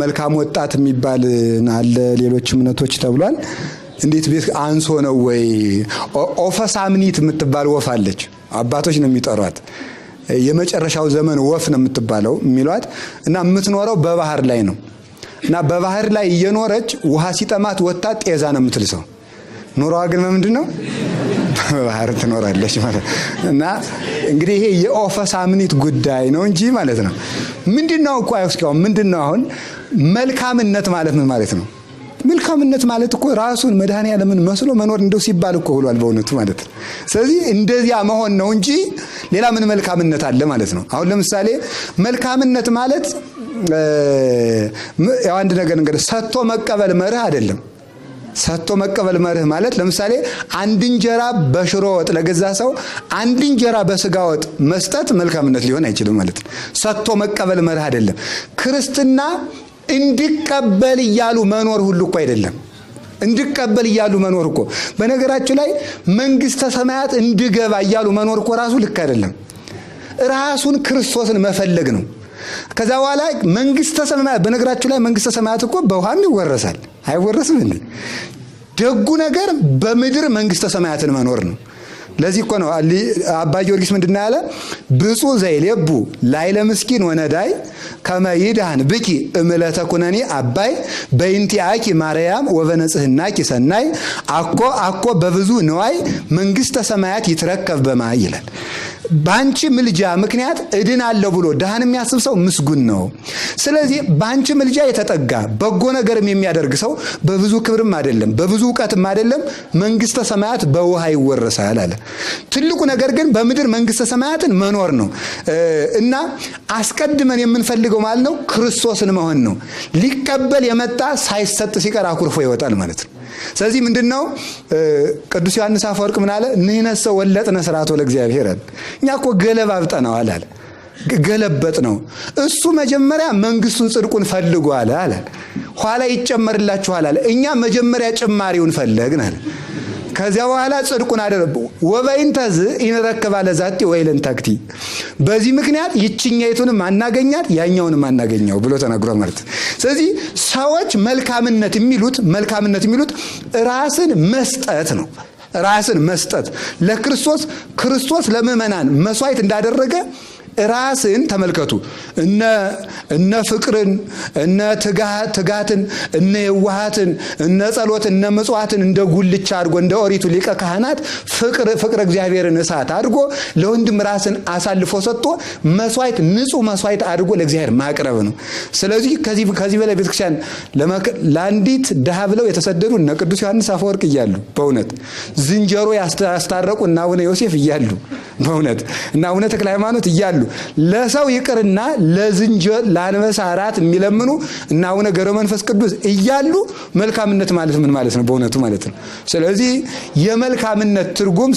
መልካም ወጣት የሚባል አለ፣ ሌሎች እምነቶች ተብሏል። እንዴት ቤት አንሶ ነው ወይ? ኦፈሳምኒት የምትባል ወፍ አለች። አባቶች ነው የሚጠሯት። የመጨረሻው ዘመን ወፍ ነው የምትባለው የሚሏት እና የምትኖረው በባህር ላይ ነው እና በባህር ላይ እየኖረች ውሃ ሲጠማት ወጣት ጤዛ ነው የምትልሰው። ኑሯዋ ግን በምንድን ነው? በባህር ትኖራለች ማለት እና እንግዲህ ይሄ የኦፈሳምኒት ጉዳይ ነው እንጂ ማለት ነው። ምንድን ነው እኮ አይወስቀው ምንድን ነው አሁን መልካምነት ማለት ምን ማለት ነው? መልካምነት ማለት እኮ ራሱን መድኃኔ ዓለምን መስሎ መኖር እንደው ሲባል እኮ ብሏል በእውነቱ ማለት ነው። ስለዚህ እንደዚያ መሆን ነው እንጂ ሌላ ምን መልካምነት አለ ማለት ነው። አሁን ለምሳሌ መልካምነት ማለት ያው አንድ ነገር እንግዲህ ሰጥቶ መቀበል መርህ አይደለም። ሰጥቶ መቀበል መርህ ማለት ለምሳሌ አንድ እንጀራ በሽሮ ወጥ ለገዛ ሰው አንድ እንጀራ በስጋ ወጥ መስጠት መልካምነት ሊሆን አይችልም ማለት ነው። ሰጥቶ መቀበል መርህ አይደለም። ክርስትና እንዲቀበል እያሉ መኖር ሁሉ እኮ አይደለም። እንድቀበል እያሉ መኖር እኮ በነገራችሁ ላይ መንግስተ ሰማያት እንድገባ እያሉ መኖር እኮ ራሱ ልክ አይደለም። ራሱን ክርስቶስን መፈለግ ነው። ከዛ በኋላ መንግስተ ሰማያት በነገራችሁ ላይ መንግስተ ሰማያት እኮ በውሃም ይወረሳል፣ አይወረስም እንዴ? ደጉ ነገር በምድር መንግስተ ሰማያትን መኖር ነው። ለዚህ እኮ ነው አባ ጊዮርጊስ ምንድን ያለ ብፁዕ ዘይሌቡ ላይለ ምስኪን ወነዳይ ከመይዳን ብኪ እምለተ ኩነኒ አባይ አኪ ማርያም ወበነጽህናኪ ሰናይ አኮ አኮ በብዙ ንዋይ መንግስተ ሰማያት ይትረከብ በማ ይላል። በአንቺ ምልጃ ምክንያት እድን አለ ብሎ ድሃን የሚያስብ ሰው ምስጉን ነው። ስለዚህ በአንቺ ምልጃ የተጠጋ በጎ ነገርም የሚያደርግ ሰው በብዙ ክብርም አይደለም፣ በብዙ እውቀትም አይደለም፣ መንግስተ ሰማያት በውሃ ይወረሳል አለ። ትልቁ ነገር ግን በምድር መንግስተ ሰማያትን መኖር ነው እና አስቀድመን የምንፈልገው ማለት ነው ክርስቶስን መሆን ነው። ሊቀበል የመጣ ሳይሰጥ ሲቀር አኩርፎ ይወጣል ማለት ነው። ስለዚህ ምንድን ነው ቅዱስ ዮሐንስ አፈወርቅ ምን አለ? ንህነሰ ወለጥነ ስርዓቶ ለእግዚአብሔርን እኛ እኮ ገለባ አብጠነዋል አለ ገለበጥ ነው። እሱ መጀመሪያ መንግስቱን ጽድቁን ፈልጉ አለ አለ። ኋላ ይጨመርላችኋል አለ። እኛ መጀመሪያ ጭማሪውን ፈለግን አለ። ከዚያ በኋላ ጽድቁን አደረበው ወበይንተዝ ይንረከባ ለዛቲ ወይልን ተክቲ በዚህ ምክንያት ይችኛይቱንም አናገኛት ያኛውንም አናገኘው ብሎ ተናግሯል ማለት ስለዚህ ሰዎች መልካምነት የሚሉት መልካምነት የሚሉት ራስን መስጠት ነው ራስን መስጠት ለክርስቶስ ክርስቶስ ለምእመናን መስዋዕት እንዳደረገ ራስን ተመልከቱ። እነ ፍቅርን፣ እነ ትጋትን፣ እነ የዋሃትን፣ እነ ጸሎትን፣ እነ ምጽዋትን እንደ ጉልቻ አድርጎ እንደ ኦሪቱ ሊቀ ካህናት ፍቅር እግዚአብሔርን እሳት አድርጎ ለወንድም ራስን አሳልፎ ሰጥቶ መስዋዕት፣ ንጹህ መስዋዕት አድርጎ ለእግዚአብሔር ማቅረብ ነው። ስለዚህ ከዚህ በላይ ቤተክርስቲያን ለአንዲት ድሃ ብለው የተሰደዱ እነ ቅዱስ ዮሐንስ አፈወርቅ እያሉ በእውነት ዝንጀሮ ያስታረቁ እና አቡነ ዮሴፍ እያሉ በእውነት እና አቡነ ተክለ ሃይማኖት እያሉ ለሰው ይቅርና ለዝንጀ ለአንበሳ ራት የሚለምኑ እና አቡነ ገብረ መንፈስ ቅዱስ እያሉ መልካምነት ማለት ምን ማለት ነው? በእውነቱ ማለት ነው። ስለዚህ የመልካምነት ትርጉም